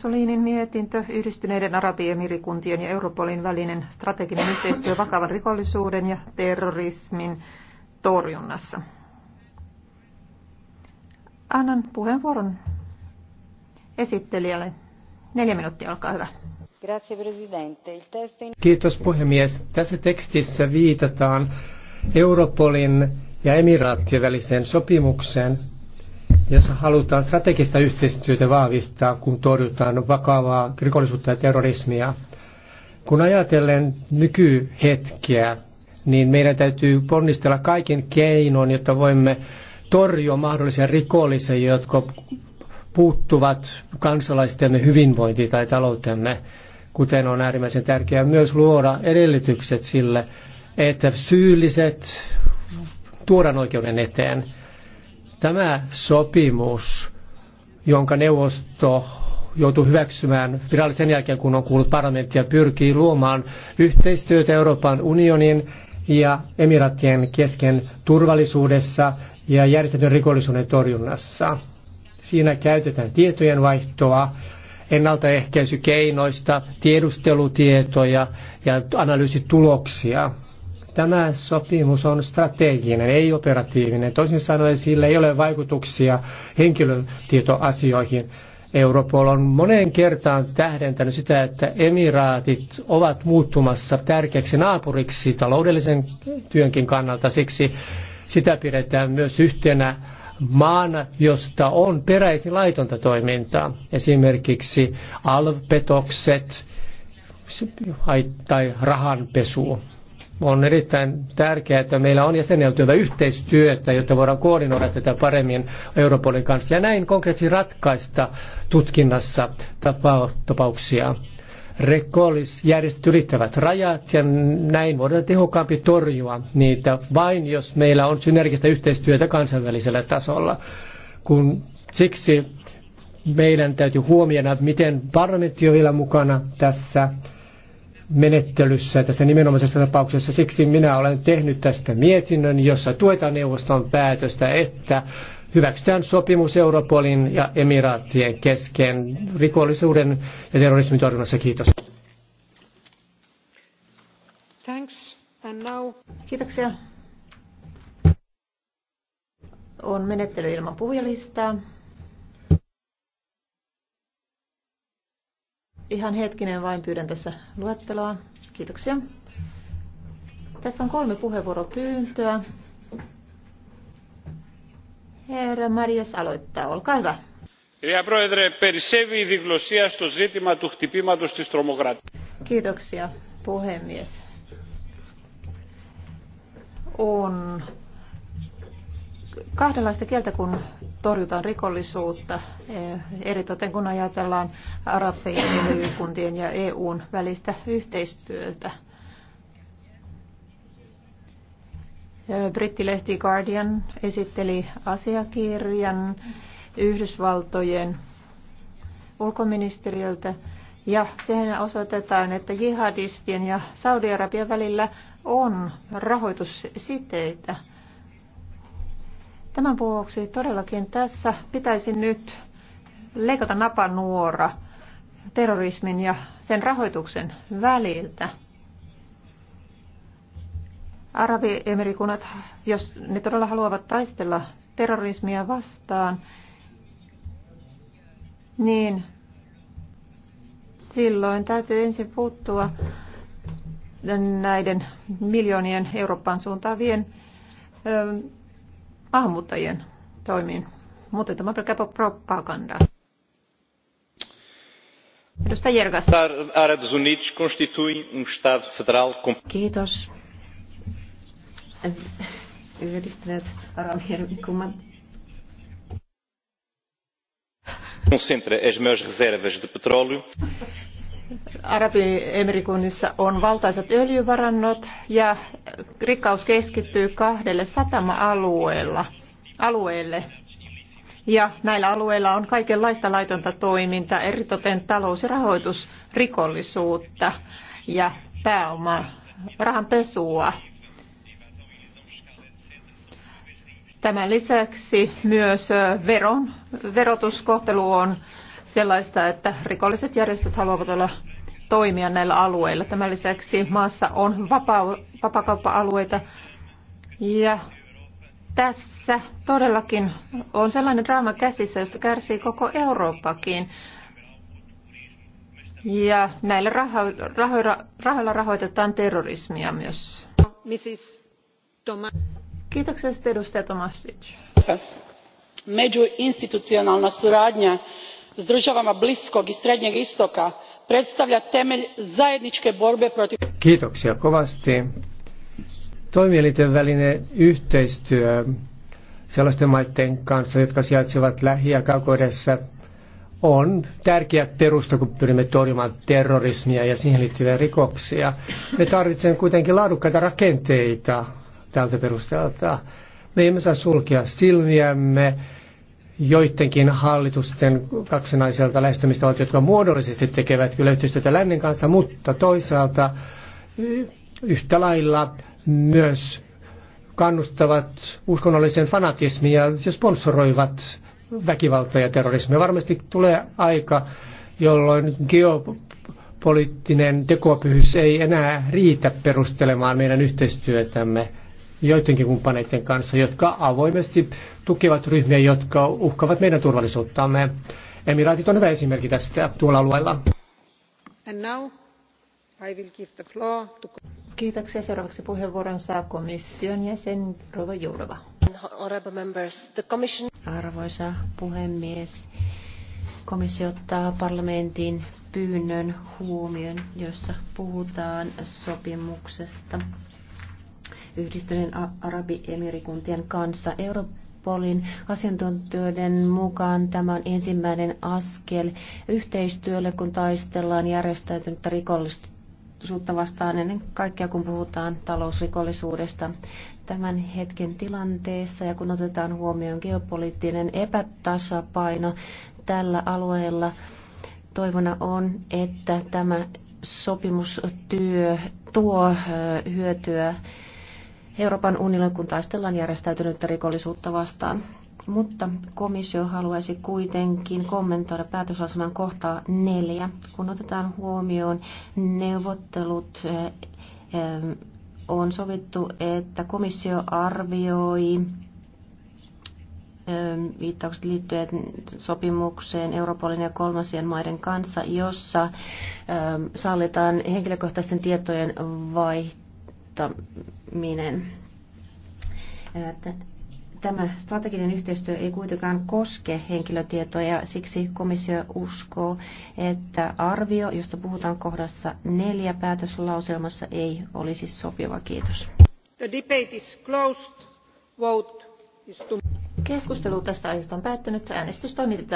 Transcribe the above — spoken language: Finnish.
Soliinin mietintö yhdistyneiden Arabiemirikuntien ja Europolin välinen strateginen yhteistyö vakavan rikollisuuden ja terrorismin torjunnassa. Annan puheenvuoron esittelijälle. Neljä minuuttia, olkaa hyvä. Kiitos puhemies. Tässä tekstissä viitataan Europolin ja emiraattien väliseen sopimukseen jos halutaan strategista yhteistyötä vahvistaa, kun torjutaan vakavaa rikollisuutta ja terrorismia, kun ajatellen nykyhetkeä, niin meidän täytyy ponnistella kaiken keinon, jotta voimme torjua mahdollisia rikollisia, jotka puuttuvat kansalaistemme hyvinvointi tai taloutemme, kuten on äärimmäisen tärkeää myös luoda edellytykset sille, että syylliset tuodaan oikeuden eteen. Tämä sopimus, jonka neuvosto joutuu hyväksymään virallisen jälkeen, kun on kuullut parlamenttia, pyrkii luomaan yhteistyötä Euroopan unionin ja emiraattien kesken turvallisuudessa ja järjestetyn rikollisuuden torjunnassa. Siinä käytetään tietojen vaihtoa, ennaltaehkäisykeinoista, tiedustelutietoja ja analyysituloksia. Tämä sopimus on strateginen, ei operatiivinen. Toisin sanoen sillä ei ole vaikutuksia henkilötietoasioihin. Europol on moneen kertaan tähdentänyt sitä, että emiraatit ovat muuttumassa tärkeäksi naapuriksi taloudellisen työnkin kannalta. Siksi sitä pidetään myös yhtenä maana, josta on peräisin laitonta toimintaa. Esimerkiksi alvpetokset tai rahanpesu on erittäin tärkeää, että meillä on jäseneltyvä yhteistyötä, jotta voidaan koordinoida tätä paremmin Europolin kanssa ja näin konkreettisesti ratkaista tutkinnassa tapauksia. järjestöt ylittävät rajat ja näin voidaan tehokkaampi torjua niitä vain, jos meillä on synergistä yhteistyötä kansainvälisellä tasolla. Kun siksi meidän täytyy huomioida, miten parlamentti on vielä mukana tässä menettelyssä tässä nimenomaisessa tapauksessa. Siksi minä olen tehnyt tästä mietinnön, jossa tuetaan neuvoston päätöstä, että hyväksytään sopimus Europolin ja emiraattien kesken rikollisuuden ja terrorismin torjunnassa. Kiitos. Thanks. And now... Kiitoksia. On menettely ilman puhujalistaa. Ihan hetkinen vain pyydän tässä luetteloa. Kiitoksia. Tässä on kolme puheenvuoropyyntöä. Herra Marias aloittaa, olkaa hyvä. Κυρία Πρόεδρε, περισσεύει η διγλωσία στο ζήτημα του χτυπήματος της τρομοκρατίας. Kiitoksia, puhemies. On kahdenlaista kieltä, kun torjutaan rikollisuutta, eh, eritoten kun ajatellaan arabien ja EUn välistä yhteistyötä. Eh, Brittilehti Guardian esitteli asiakirjan Yhdysvaltojen ulkoministeriöltä ja siinä osoitetaan, että jihadistien ja Saudi-Arabian välillä on rahoitussiteitä – Tämän vuoksi todellakin tässä pitäisi nyt leikata napanuora terrorismin ja sen rahoituksen väliltä. Arabiemirikunnat, jos ne todella haluavat taistella terrorismia vastaan, niin silloin täytyy ensin puuttua näiden miljoonien Euroopan suuntaavien maahanmuuttajien toimiin. Muuten tämä pelkää propagandaa. Edustaja Jergas. Um Kiitos. Yhdistyneet Arabierukumat concentra as reservas de petróleo. on valtaisat öljyvarannot ja rikkaus keskittyy kahdelle satama-alueella alueelle. Ja näillä alueilla on kaikenlaista laitonta toimintaa, eritoten talous- ja rahoitusrikollisuutta ja pääoma, rahanpesua. Tämän lisäksi myös veron, verotuskohtelu on sellaista, että rikolliset järjestöt haluavat olla toimia näillä alueilla. Tämän lisäksi maassa on vapaa, vapakauppa-alueita ja tässä todellakin on sellainen draama käsissä, josta kärsii koko Eurooppakin. Ja näillä raho- raho, rahoilla rahoitetaan terrorismia myös. Kiitoksia sitten edustaja Tomasic. Međuinstitucionalna suradnja s državama Bliskog i Srednjeg istoka – predstavlja temelj zajedničke borbe protiv... Kiitoksia kovasti. Toimielinten välinen yhteistyö sellaisten maiden kanssa, jotka sijaitsevat lähi- ja kaukoidessa, on tärkeä perusta, kun pyrimme torjumaan terrorismia ja siihen liittyviä rikoksia. Me tarvitsemme kuitenkin laadukkaita rakenteita tältä perusteelta. Me emme saa sulkea silmiämme joidenkin hallitusten kaksinaiselta lähestymistavalta, jotka muodollisesti tekevät kyllä yhteistyötä lännen kanssa, mutta toisaalta eh, yhtä lailla myös kannustavat uskonnollisen fanatismin ja sponsoroivat väkivaltaa ja terrorismia. Varmasti tulee aika, jolloin geopoliittinen tekopyhys ei enää riitä perustelemaan meidän yhteistyötämme joidenkin kumppaneiden kanssa, jotka avoimesti tukevat ryhmiä, jotka uhkaavat meidän turvallisuuttamme. Emiraatit on hyvä esimerkki tästä tuolla alueella. And now I will give the floor to... Kiitoksia. Seuraavaksi puheenvuoron saa komission jäsen Rova Jourova. Arvoisa puhemies, komissio ottaa parlamentin pyynnön huomion, jossa puhutaan sopimuksesta Yhdistyneen Arabiemiirikuntien kanssa. Europolin asiantuntijoiden mukaan tämä on ensimmäinen askel yhteistyölle, kun taistellaan järjestäytynyttä rikollisuutta vastaan ennen kaikkea, kun puhutaan talousrikollisuudesta tämän hetken tilanteessa ja kun otetaan huomioon geopoliittinen epätasapaino tällä alueella, toivona on, että tämä sopimustyö tuo hyötyä Euroopan unionin, kun taistellaan järjestäytynyttä rikollisuutta vastaan. Mutta komissio haluaisi kuitenkin kommentoida päätösaseman kohtaa neljä, kun otetaan huomioon neuvottelut eh, eh, on sovittu, että komissio arvioi eh, viittaukset liittyen sopimukseen Europolin ja kolmansien maiden kanssa, jossa sallitaan henkilökohtaisten tietojen vaihto vaikuttaminen. Tämä strateginen yhteistyö ei kuitenkaan koske henkilötietoja, siksi komissio uskoo, että arvio, josta puhutaan kohdassa neljä päätöslauselmassa, ei olisi sopiva. Kiitos. The debate is closed. Vote is to... Keskustelu tästä aiheesta on päättynyt. Äänestys toimitetaan.